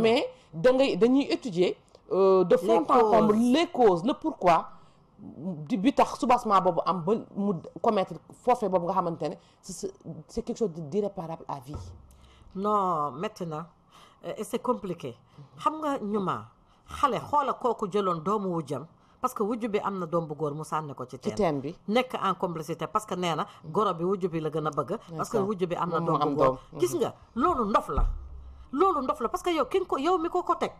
mais da ngay dañuy étudier euh, de fond en comble les causes le pourquoi bi tax soubassement boobu am ba mu commettre forfait boobu nga xamante ne c'est c'est di chose d'irréparable à vie non maintenant euh, et c'est compliqué xam nga ñu ma xale xoola kooku jëloon doomu wujjam parce que wujju bi am na doom bu góor mu sànni ko ci teen bi nekk en complicité parce que nee na goro bi wujju bi la gën a bëgg parce que wujju bi am na doom bu góor gis nga loolu ndof la loolu ndof la parce que yow ki nga ko yow mi ko ko teg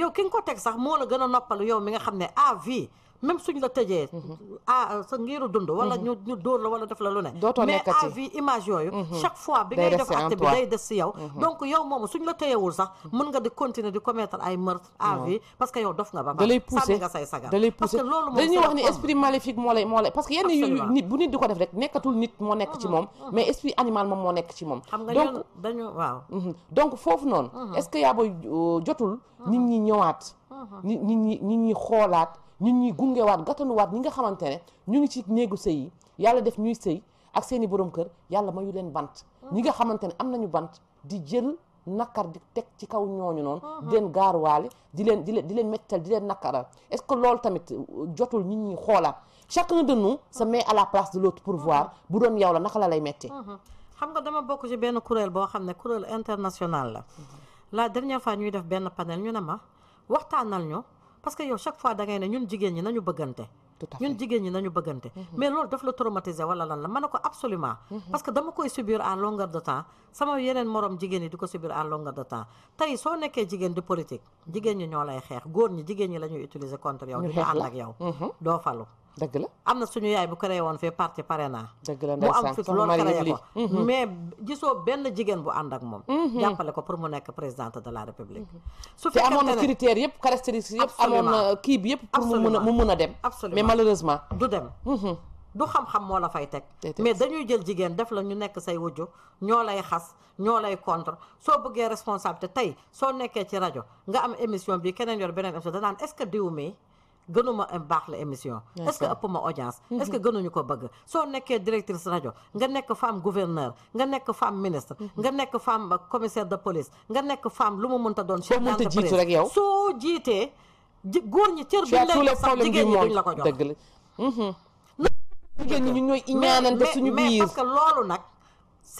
yow ki nga ko teg sax moo la gën a noppalu yow mi nga xam ne à ah, vie même suñ la tëjee. Mhm. ah euh, sa ngiru dund. wala mhm. ñu ñu dóor la wala def la lu ne. dootoo nekkati mais à vie image yooyu. Mhm. chaque fois bi ngay def acte bi day des si yow. donc yow moomu suñ la tëyeewul sax mën nga di continuer di commettre ay meurtre à vie parce que yow dof nga ba. da lay pousser parce que loolu moo lay moo lay foofu noonu. est-ce que yaa booy euh, jotul. nit ñi ñëwaat. nit ñi ñi xoolaat nit ñi gungewaat gàttanuwaat ñi nga xamante ne ñu ngi ci néegu sëy yi yàlla def ñuy sëy ak seeni borom kër yàlla mayu leen bant ñi nga xamante ne am ñu bant di jël nakkar di teg ci kaw ñooñu noonu di leen gaaruwaale di leen di leen di leen mettal di leen nakkaral est-ce que loolu tamit euh, jotul nit ñi xoolaat chacun de nous se met à la place de l'autre pour voir bu doon yow la naka la lay mettee mhm. xam nga dama bokk ci benn kuréel boo xam ne kuréel international la la dernière fois ñuy def benn panel ñu ma waxtaanal ñu parce que yow chaque fois da ngay ne ñun jigéen ñi nañu bëggante ñun jigéen ñi nañu bëggante mhm. mais loolu daf la traumatiser wala lan la mën na ko absolument mhm. parce que dama koy subir à longueur de temps sama yeneen morom jigéen yi di ko subir à longueur de temps tey soo nekkee jigéen di politique jigéen ñi ñoo lay xeex góor ñi jigéen ñi la ñuy utiliser contre yow di mhm. doo falu dëgg la am na suñu yaay bu créé woon fii parti parrainage. dëgg la mu am fit loolu créé ko mhm. mais gisoo benn jigéen bu ànd ak moom. Mhm. jàppale ko pour mu nekk présidente de la république. Mhm. su fekkee te amoon yëpp caractéristiques yëpp. amoon na kii bi yëpp pour mu mun a mu mun a dem. mais malheureusement du dem. du xam-xam moo la fay teg mais dañuy jël jigéen def la ñu nekk say wujju ñoo lay xas ñoo lay contre soo bëggee responsabilité tey soo nekkee ci rajo nga am émission bi keneen yor beneen émission danaan est-ce que diw mi gënuma baax la émission est-ce que ëpp ma audience mhm. est-ce que gënuñu ko bëgg soo nekkee directrice rajo nga nekk femme gouverneur nga nekk femme ministre mhm. nga nekk femme commissaire de police nga nekk femme lu mu mënta doon chef d'entreprise rek yow soo jiitee góor ñi cër bi lañ la sax jigéen ñi duñ la ko jox dëgg la mhm. jigéen ñi ñun ñooy iñaanante suñu biir mais parce que loolu nag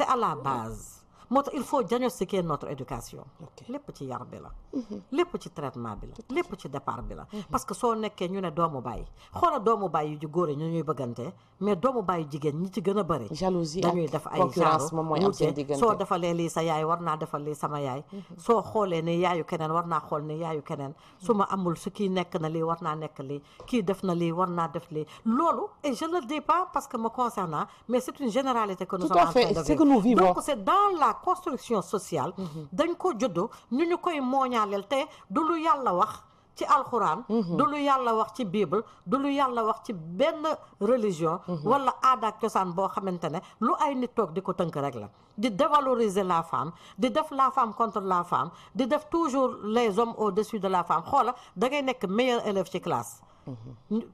à la base moo tax il faut diagnostiquer notre éducation. lépp ci mhm. lépp ci traitement bi la. lépp ci départ bi la. Mhm. parce que soo nekkee ñu ne doomu bàyyi xoolal doomu bàyyi yu góor yi ñu ñuy bëggante mais doomu bàyyi jigéen ñi ci gën a bëri. jalousie dañuy def ay genre soo defalee lii sa yaay war naa defal lii sama yaay. Mhm. soo xoolee ne yaayu keneen war naa xool ne yaayu keneen su ma amul su kii nekk na lii war naa nekk lii kii def na lii war naa def lii loolu et je ne le dis pas parce que me concernant mais c'est une généralité que nous sommes en donc c'est dans la construction sociale mhm. dañ ko juddoo ñu ñu koy mooñaaleel te du lu yàlla wax ci alxuraan mhm. du lu yàlla wax ci bible du lu yàlla wax ci benn religion mhm. wala aada ak cosaan boo xamante ne lu ay nit toog di ko tënk rek la di dévaloriser la femme di def la femme contre la femme di def toujours les hommes au-dessus de la femme xoola da ngay nekk meilleur élève ci classe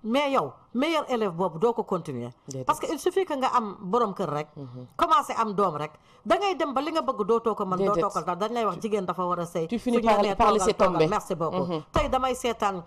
mais yow meilleur élève boobu doo ko continuer parce que il suffit que nga am borom kër rek mhm. commencé am doom rek da ngay dem ba li nga bëgg dootoo ko man mën dootoo ko daal dañ lay wax jigéen dafa war a sëy tu finis par laisser tomber merci beaucoup mhm. tey damay seetaan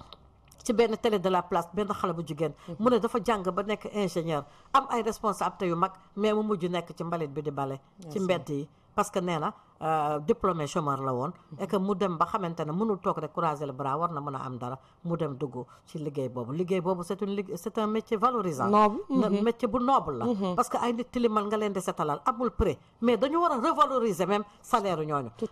ci benn télé de la place benn xale bu jigéen mhm. mu ne dafa jàng ba nekk ingénieur am ay responsabilité yu mag mais mu mujj nekk ci mbalit bi di bale ci mbedd yi parce que nee na euh, diplômé la woon et que mu dem ba xamante ne mënul toog rek croiser le bras war na mën a am dara mu dem dugg ci liggéey boobu liggéey boobu c'est une c'est un métier valorisant mm-hmm. métier bu noble la mm-hmm. parce que ay nit tilimal nga leen di setalal amul prix mais dañu war a revaloriser même salaire ñooñu